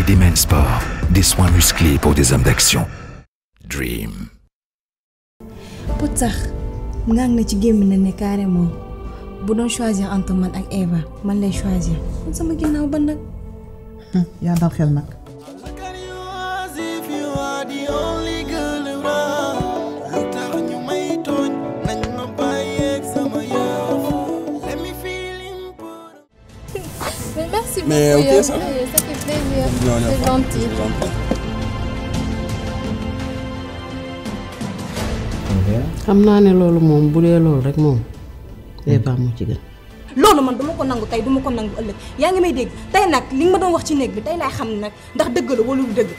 des des soins musclés pour des hommes d'action. Dream. Pour ça, ci ne choisir entre man et Eva man choisir sama dal hmm, xel Mais Très bien. xam naa ne loolu moom bu dee loolu rek moom day hmm. baax mu ci gën. loolu man dama ko nangu tey duma ko nangu ëllëg yaa ngi may dégg tey nag li nga ma doon wax ci néeg bi tey laay xam nag ndax dëgg la dëgg.